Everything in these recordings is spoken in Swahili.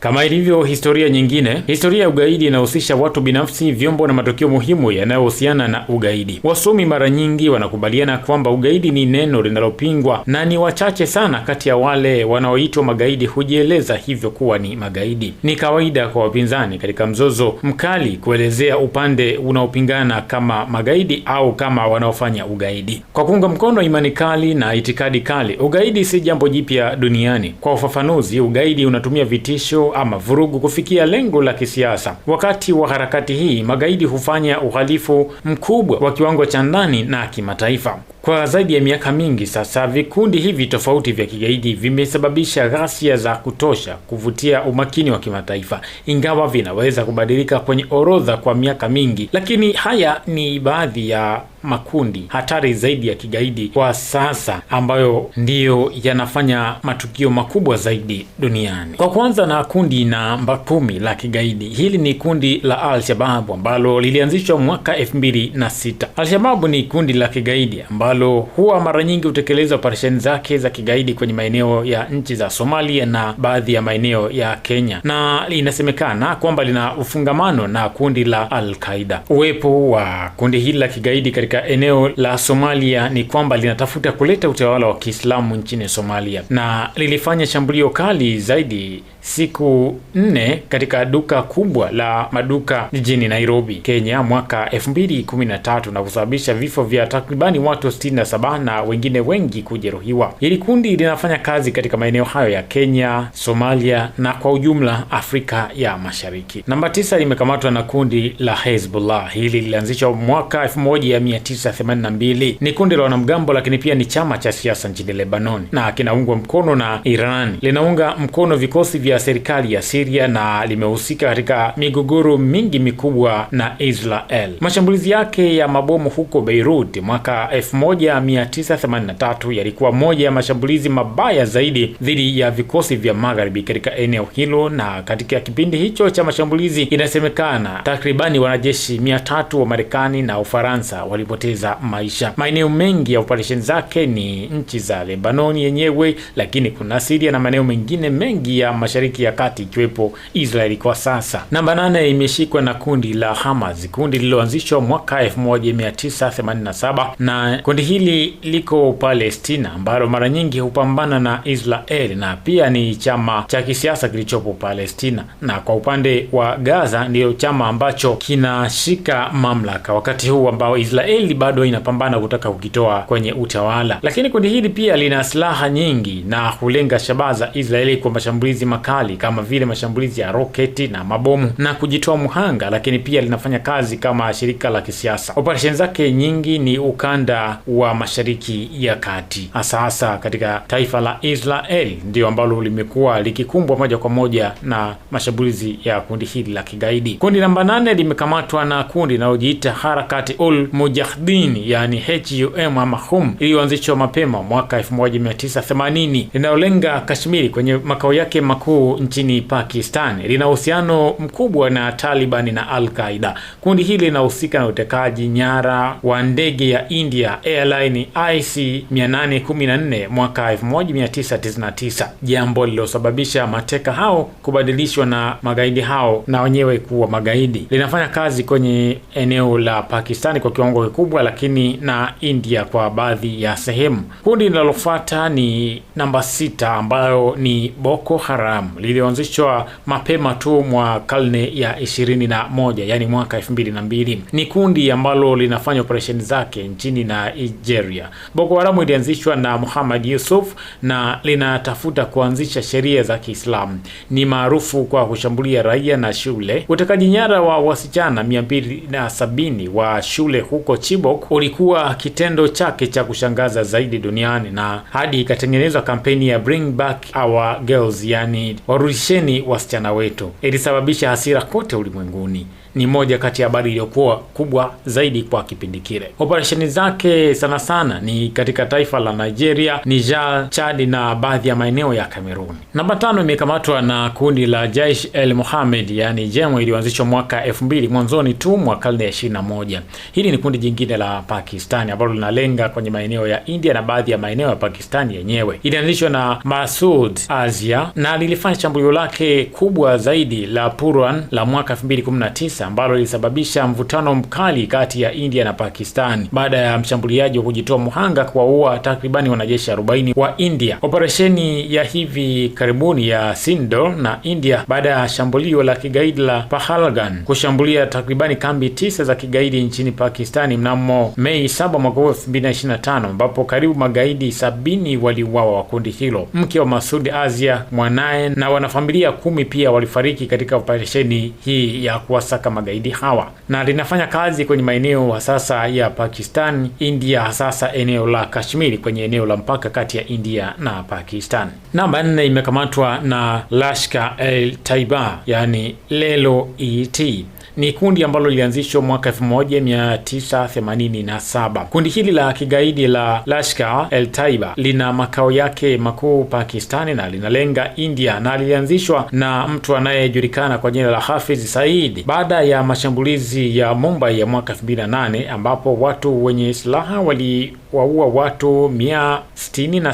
Kama ilivyo historia nyingine, historia ya ugaidi inahusisha watu binafsi, vyombo na matukio muhimu yanayohusiana na ugaidi. Wasomi mara nyingi wanakubaliana kwamba ugaidi ni neno linalopingwa na ni wachache sana kati ya wale wanaoitwa magaidi hujieleza hivyo kuwa ni magaidi. Ni kawaida kwa wapinzani katika mzozo mkali kuelezea upande unaopingana kama magaidi au kama wanaofanya ugaidi. Kwa kuunga mkono imani kali na itikadi kali, ugaidi si jambo jipya duniani. Kwa ufafanuzi, ugaidi unatumia vitisho ama vurugu kufikia lengo la kisiasa. Wakati wa harakati hii, magaidi hufanya uhalifu mkubwa wa kiwango cha ndani na kimataifa. Kwa zaidi ya miaka mingi sasa, vikundi hivi tofauti vya kigaidi vimesababisha ghasia za kutosha kuvutia umakini wa kimataifa, ingawa vinaweza kubadilika kwenye orodha kwa miaka mingi, lakini haya ni baadhi ya makundi hatari zaidi ya kigaidi kwa sasa ambayo ndiyo yanafanya matukio makubwa zaidi duniani. Kwa kuanza na kundi namba kumi la kigaidi, hili ni kundi la Al-Shababu ambalo lilianzishwa mwaka elfu na sita. Al-Shababu ni kundi la kigaidi ambalo huwa mara nyingi hutekeleza operesheni zake za kigaidi kwenye maeneo ya nchi za Somalia na baadhi ya maeneo ya Kenya, na inasemekana kwamba lina ufungamano na kundi la Al-Qaida. Uwepo wa kundi hili la kigaidi katika eneo la Somalia ni kwamba linatafuta kuleta utawala wa Kiislamu nchini Somalia na lilifanya shambulio kali zaidi siku nne katika duka kubwa la maduka jijini Nairobi, Kenya mwaka 2013 na kusababisha vifo vya takribani watu 67 na wengine wengi kujeruhiwa. Hili kundi linafanya kazi katika maeneo hayo ya Kenya, Somalia na kwa ujumla Afrika ya Mashariki. Namba tisa limekamatwa na kundi la Hezbollah. Hili lilianzishwa mwaka 1 1982. Ni kundi la wanamgambo lakini pia ni chama cha siasa nchini Lebanon na kinaungwa mkono na Iran. Linaunga mkono vikosi vya serikali ya Siria na limehusika katika migogoro mingi mikubwa na Israel. Mashambulizi yake ya mabomu huko Beirut mwaka 1983 yalikuwa moja ya mashambulizi mabaya zaidi dhidi ya vikosi vya magharibi katika eneo hilo, na katika kipindi hicho cha mashambulizi inasemekana takribani wanajeshi mia tatu wa Marekani na Ufaransa wali walipoteza maisha. Maeneo mengi ya operesheni zake ni nchi za Lebanoni yenyewe, lakini kuna Siria na maeneo mengine mengi ya Mashariki ya Kati ikiwepo Israeli kwa sasa. Namba nane imeshikwa na kundi la Hamas, kundi lililoanzishwa mwaka 1987 na kundi hili liko Palestina, ambalo mara nyingi hupambana na Israeli na pia ni chama cha kisiasa kilichopo Palestina, na kwa upande wa Gaza ndiyo chama ambacho kinashika mamlaka wakati huu ambao Israeli kweli bado inapambana kutaka kukitoa kwenye utawala, lakini kundi hili pia lina silaha nyingi na hulenga shabaha za Israeli kwa mashambulizi makali kama vile mashambulizi ya roketi na mabomu na kujitoa mhanga, lakini pia linafanya kazi kama shirika la kisiasa. Operesheni zake nyingi ni ukanda wa Mashariki ya Kati, hasa hasa katika taifa la Israel ndiyo ambalo limekuwa likikumbwa moja kwa moja na mashambulizi ya kundi hili la kigaidi. Kundi namba nane limekamatwa na kundi linalojiita harakati ul Mujahideen Yahdini yani HUM ama HUM iliyoanzishwa mapema mwaka 1980 linalolenga Kashmiri kwenye makao yake makuu nchini Pakistan. Lina uhusiano mkubwa na Taliban na Al-Qaida. Kundi hili linahusika na utekaji nyara wa ndege ya India Airline IC 814 mwaka 1999, jambo lililosababisha mateka hao kubadilishwa na magaidi hao na wenyewe kuwa magaidi. Linafanya kazi kwenye eneo la Pakistani kwa kiwango makubwa, lakini na India kwa baadhi ya sehemu. Kundi linalofuata ni namba sita ambayo ni Boko Haram lilioanzishwa mapema tu mwa karne ya ishirini na moja mwaka elfu mbili na mbili. Ni kundi ambalo linafanya operesheni zake nchini na Nigeria. Boko Haram ilianzishwa na Muhammad Yusuf na linatafuta kuanzisha sheria za Kiislamu. Ni maarufu kwa kushambulia raia na shule, utekaji nyara wa wasichana mia mbili na sabini wa shule huko Chibok ulikuwa kitendo chake cha kushangaza zaidi duniani na hadi ikatengenezwa kampeni ya Bring Back Our Girls, yani warudisheni wasichana wetu, ilisababisha hasira kote ulimwenguni ni moja kati ya habari iliyokuwa kubwa zaidi kwa kipindi kile. Operesheni zake sana sana ni katika taifa la Nigeria, Niger, Chad na baadhi ya maeneo ya Kamerun. Namba tano imekamatwa na kundi la Jaish el mohamed yani Jemo, iliyoanzishwa mwaka 2000 mwanzoni tu mwa karne ya 21. Hili ni kundi jingine la Pakistani ambalo linalenga kwenye maeneo ya India na baadhi ya maeneo ya Pakistani yenyewe. Ilianzishwa na Masud asia na lilifanya shambulio lake kubwa zaidi la Puran la mwaka 2019 ambalo lilisababisha mvutano mkali kati ya India na Pakistan baada ya mshambuliaji wa kujitoa muhanga kuwaua takribani wanajeshi 40 wa India. Operesheni ya hivi karibuni ya Sindor na India baada ya shambulio la kigaidi la Pahalgan kushambulia takribani kambi tisa za kigaidi nchini Pakistani mnamo Mei 7 mwaka 2025 ambapo karibu magaidi sabini waliuawa wa kundi hilo. Mke wa Masud Azia, mwanaye na wanafamilia kumi pia walifariki katika operesheni hii ya kuwasaka magaidi hawa, na linafanya kazi kwenye maeneo hasasa ya Pakistan, India, hasasa eneo la Kashmiri kwenye eneo la mpaka kati ya India na Pakistan. Namba nne imekamatwa na lashka el taiba yani lelo et ni kundi ambalo lilianzishwa mwaka 1987. Kundi hili la kigaidi la Lashkar el Taiba lina makao yake makuu Pakistani na linalenga India na lilianzishwa na mtu anayejulikana kwa jina la Hafiz Said baada ya mashambulizi ya Mumbai ya mwaka 2008 ambapo watu wenye silaha waliwaua watu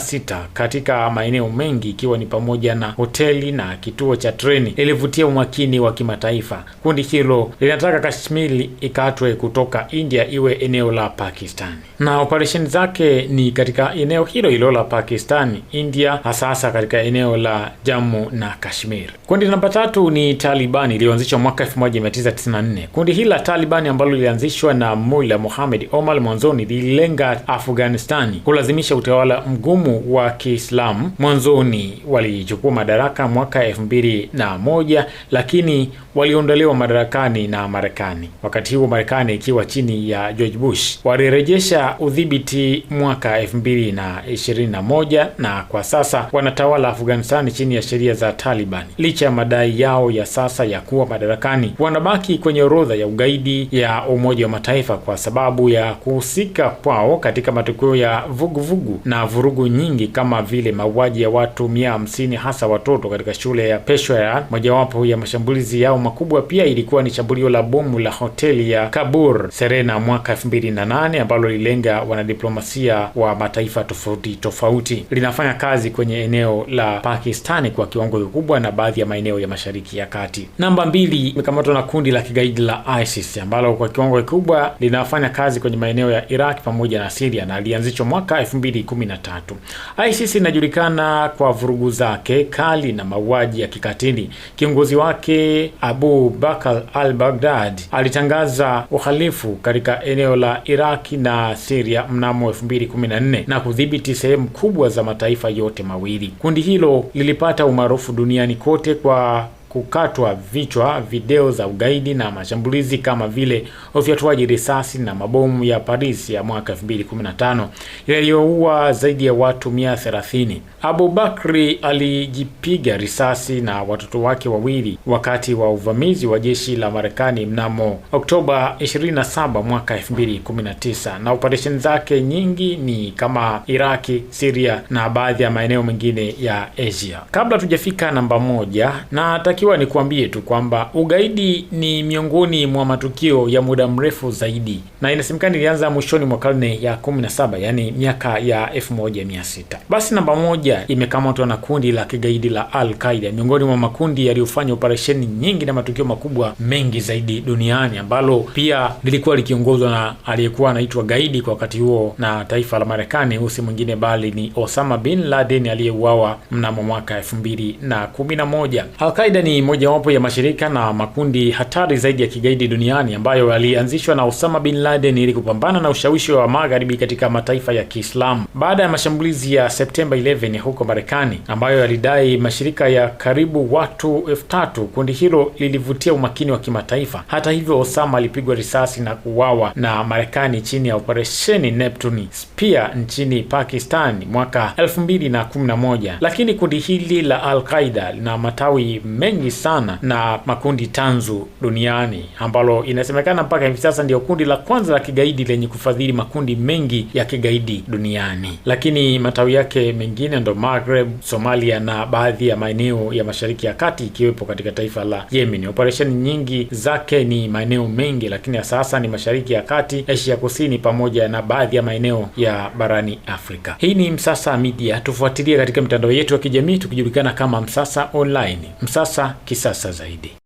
sita katika maeneo mengi ikiwa ni pamoja na hoteli na kituo cha treni. Lilivutia umakini wa kimataifa. Kundi hilo linataka Kashmiri ikatwe kutoka India iwe eneo la Pakistani, na operesheni zake ni katika eneo hilo hilo la Pakistani, India, hasahasa katika eneo la Jammu na Kashmir. Kundi namba tatu ni Talibani iliyoanzishwa mwaka 1994. Kundi hili la Talibani ambalo lilianzishwa na mula muhamed Omar mwanzoni lililenga Afghanistani kulazimisha utawala mgumu wa Kiislamu. Mwanzoni walichukua madaraka mwaka 2001 lakini waliondolewa madaraka Marekani na Marekani, wakati huo Marekani ikiwa chini ya George Bush. Walirejesha udhibiti mwaka 2021 na kwa sasa wanatawala Afghanistani chini ya sheria za Taliban. Licha ya madai yao ya sasa ya kuwa madarakani, wanabaki kwenye orodha ya ugaidi ya Umoja wa Mataifa kwa sababu ya kuhusika kwao katika matukio ya vuguvugu vugu na vurugu nyingi kama vile mauaji ya watu mia hamsini hasa watoto katika shule ya Peshawar. Mojawapo ya mashambulizi yao makubwa pia ilikuwa ni shambulio la bomu la hoteli ya Kabur Serena mwaka 2008 ambalo lilenga wanadiplomasia wa mataifa tofauti tofauti. Linafanya kazi kwenye eneo la Pakistani kwa kiwango kikubwa na baadhi ya maeneo ya Mashariki ya Kati. Namba mbili, imekamatwa na kundi la kigaidi la ISIS ambalo kwa kiwango kikubwa linafanya kazi kwenye maeneo ya Iraq pamoja na Syria na alianzishwa mwaka 2013. ISIS inajulikana kwa vurugu zake kali na mauaji ya kikatili. Kiongozi wake Abu Bakar al-Baghdad alitangaza uhalifu katika eneo la Iraki na Siria mnamo 2014 na kudhibiti sehemu kubwa za mataifa yote mawili. Kundi hilo lilipata umaarufu duniani kote kwa kukatwa vichwa, video za ugaidi na mashambulizi kama vile ufyatuaji risasi na mabomu ya Paris ya mwaka 2015 yaliyoua zaidi ya watu 130. Abu Bakri alijipiga risasi na watoto wake wawili wakati wa uvamizi wa jeshi la Marekani mnamo Oktoba 27 mwaka 2019, na operesheni zake nyingi ni kama Iraki, Siria na baadhi ya maeneo mengine ya Asia. Kabla tujafika namba moja na Natakiwa kuambie tu kwamba ugaidi ni miongoni mwa matukio ya muda mrefu zaidi na inasemekana ilianza mwishoni mwa karne ya 17, yani miaka ya 1600. Basi namba moja imekamatwa na kundi la kigaidi la Al Qaida, miongoni mwa makundi yaliyofanya operesheni nyingi na matukio makubwa mengi zaidi duniani, ambalo pia lilikuwa likiongozwa na aliyekuwa anaitwa gaidi kwa wakati huo na taifa la Marekani, husi mwingine bali ni Osama bin Laden aliyeuawa mnamo mwaka 2011. Al Qaida ni mojawapo ya mashirika na makundi hatari zaidi ya kigaidi duniani ambayo yalianzishwa na Osama bin Laden ili kupambana na ushawishi wa magharibi katika mataifa ya Kiislamu baada ya mashambulizi ya Septemba 11 huko Marekani ambayo yalidai mashirika ya karibu watu elfu tatu. Kundi hilo lilivutia umakini wa kimataifa. Hata hivyo, Osama alipigwa risasi na kuuawa na Marekani chini ya operesheni Neptune Spear nchini Pakistan mwaka 2011, lakini kundi hili la Al-Qaeda lina matawi mengi mengi sana na makundi tanzu duniani ambalo inasemekana mpaka hivi sasa ndio kundi la kwanza la kigaidi lenye kufadhili makundi mengi ya kigaidi duniani, lakini matawi yake mengine ndo Maghreb, Somalia na baadhi ya maeneo ya Mashariki ya Kati ikiwepo katika taifa la Yemen. Operesheni nyingi zake ni maeneo mengi, lakini ya sasa ni Mashariki ya Kati, Asia Kusini pamoja na baadhi ya maeneo ya barani Afrika. Hii ni Msasa Media, tufuatilie katika mitandao yetu ya kijamii tukijulikana kama Msasa Online. Msasa kisasa zaidi.